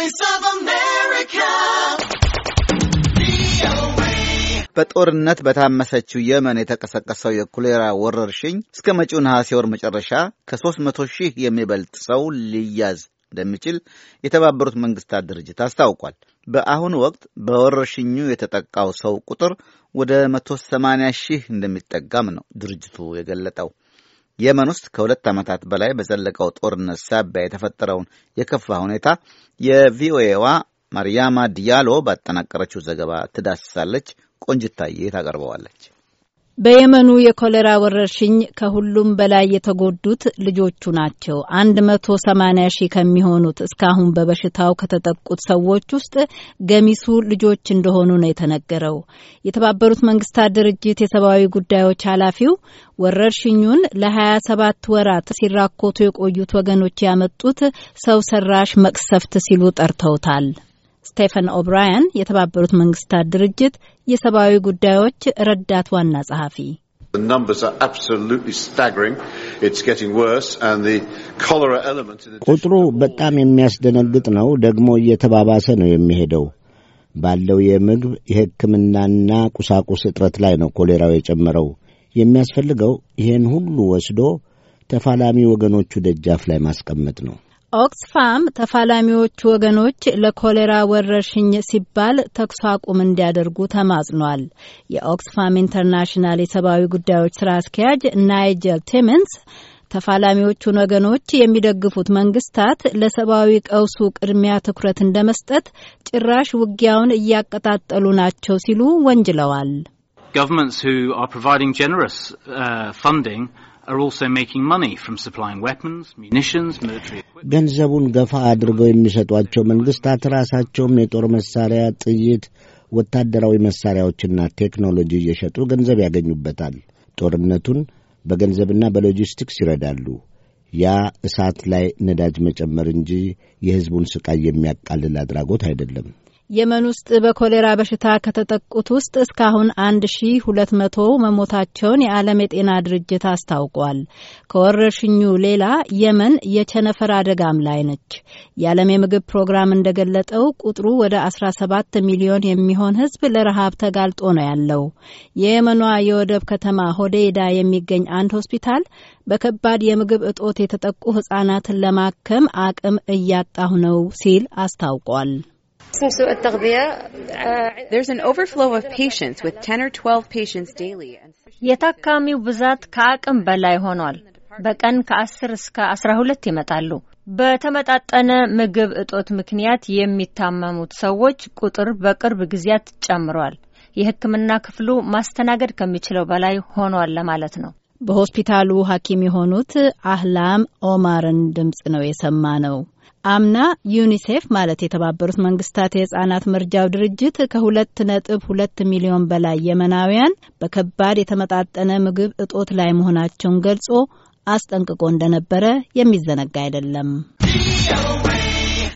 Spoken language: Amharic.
Voice of America. በጦርነት በታመሰችው የመን የተቀሰቀሰው የኮሌራ ወረርሽኝ እስከ መጪው ነሐሴ ወር መጨረሻ ከ300 ሺህ የሚበልጥ ሰው ሊያዝ እንደሚችል የተባበሩት መንግስታት ድርጅት አስታውቋል። በአሁኑ ወቅት በወረርሽኙ የተጠቃው ሰው ቁጥር ወደ 180 ሺህ እንደሚጠጋም ነው ድርጅቱ የገለጠው። የመን ውስጥ ከሁለት ዓመታት በላይ በዘለቀው ጦርነት ሳቢያ የተፈጠረውን የከፋ ሁኔታ የቪኦኤዋ ማርያማ ዲያሎ ባጠናቀረችው ዘገባ ትዳስሳለች። ቆንጅታዬ ታቀርበዋለች። በየመኑ የኮሌራ ወረርሽኝ ከሁሉም በላይ የተጎዱት ልጆቹ ናቸው። 180 ሺህ ከሚሆኑት እስካሁን በበሽታው ከተጠቁት ሰዎች ውስጥ ገሚሱ ልጆች እንደሆኑ ነው የተነገረው። የተባበሩት መንግስታት ድርጅት የሰብአዊ ጉዳዮች ኃላፊው ወረርሽኙን ለ27 ወራት ሲራኮቱ የቆዩት ወገኖች ያመጡት ሰው ሰራሽ መቅሰፍት ሲሉ ጠርተውታል። ስቴፈን ኦብራያን የተባበሩት መንግስታት ድርጅት የሰብአዊ ጉዳዮች ረዳት ዋና ጸሐፊ ቁጥሩ በጣም የሚያስደነግጥ ነው። ደግሞ እየተባባሰ ነው የሚሄደው። ባለው የምግብ የሕክምናና ቁሳቁስ እጥረት ላይ ነው ኮሌራው የጨመረው። የሚያስፈልገው ይህን ሁሉ ወስዶ ተፋላሚ ወገኖቹ ደጃፍ ላይ ማስቀመጥ ነው። ኦክስፋም ተፋላሚዎቹ ወገኖች ለኮሌራ ወረርሽኝ ሲባል ተኩስ አቁም እንዲያደርጉ ተማጽኗል። የኦክስፋም ኢንተርናሽናል የሰብአዊ ጉዳዮች ስራ አስኪያጅ ናይጀል ቲምንስ ተፋላሚዎቹን ወገኖች የሚደግፉት መንግስታት ለሰብአዊ ቀውሱ ቅድሚያ ትኩረት እንደመስጠት ጭራሽ ውጊያውን እያቀጣጠሉ ናቸው ሲሉ ወንጅለዋል። Governments who are providing generous uh, funding are also making money from supplying weapons, munitions, military ገንዘቡን ገፋ አድርገው የሚሰጧቸው መንግስታት ራሳቸውም የጦር መሳሪያ፣ ጥይት፣ ወታደራዊ መሳሪያዎችና ቴክኖሎጂ እየሸጡ ገንዘብ ያገኙበታል። ጦርነቱን በገንዘብና በሎጂስቲክስ ይረዳሉ። ያ እሳት ላይ ነዳጅ መጨመር እንጂ የሕዝቡን ስቃይ የሚያቃልል አድራጎት አይደለም። የመን ውስጥ በኮሌራ በሽታ ከተጠቁት ውስጥ እስካሁን 1200 መሞታቸውን የዓለም የጤና ድርጅት አስታውቋል። ከወረርሽኙ ሌላ የመን የቸነፈር አደጋም ላይ ነች። የዓለም የምግብ ፕሮግራም እንደገለጠው ቁጥሩ ወደ 17 ሚሊዮን የሚሆን ሕዝብ ለረሃብ ተጋልጦ ነው ያለው። የየመኗ የወደብ ከተማ ሆዴይዳ የሚገኝ አንድ ሆስፒታል በከባድ የምግብ እጦት የተጠቁ ሕጻናትን ለማከም አቅም እያጣሁ ነው ሲል አስታውቋል። Uh, የታካሚው ብዛት ከአቅም በላይ ሆኗል። በቀን ከ10 እስከ 12 ይመጣሉ። በተመጣጠነ ምግብ እጦት ምክንያት የሚታመሙት ሰዎች ቁጥር በቅርብ ጊዜያት ጨምሯል። የሕክምና ክፍሉ ማስተናገድ ከሚችለው በላይ ሆኗል ለማለት ነው። በሆስፒታሉ ሐኪም የሆኑት አህላም ኦማርን ድምፅ ነው የሰማ ነው። አምና ዩኒሴፍ ማለት የተባበሩት መንግስታት የህጻናት መርጃው ድርጅት ከሁለት ነጥብ ሁለት ሚሊዮን በላይ የመናውያን በከባድ የተመጣጠነ ምግብ እጦት ላይ መሆናቸውን ገልጾ አስጠንቅቆ እንደነበረ የሚዘነጋ አይደለም።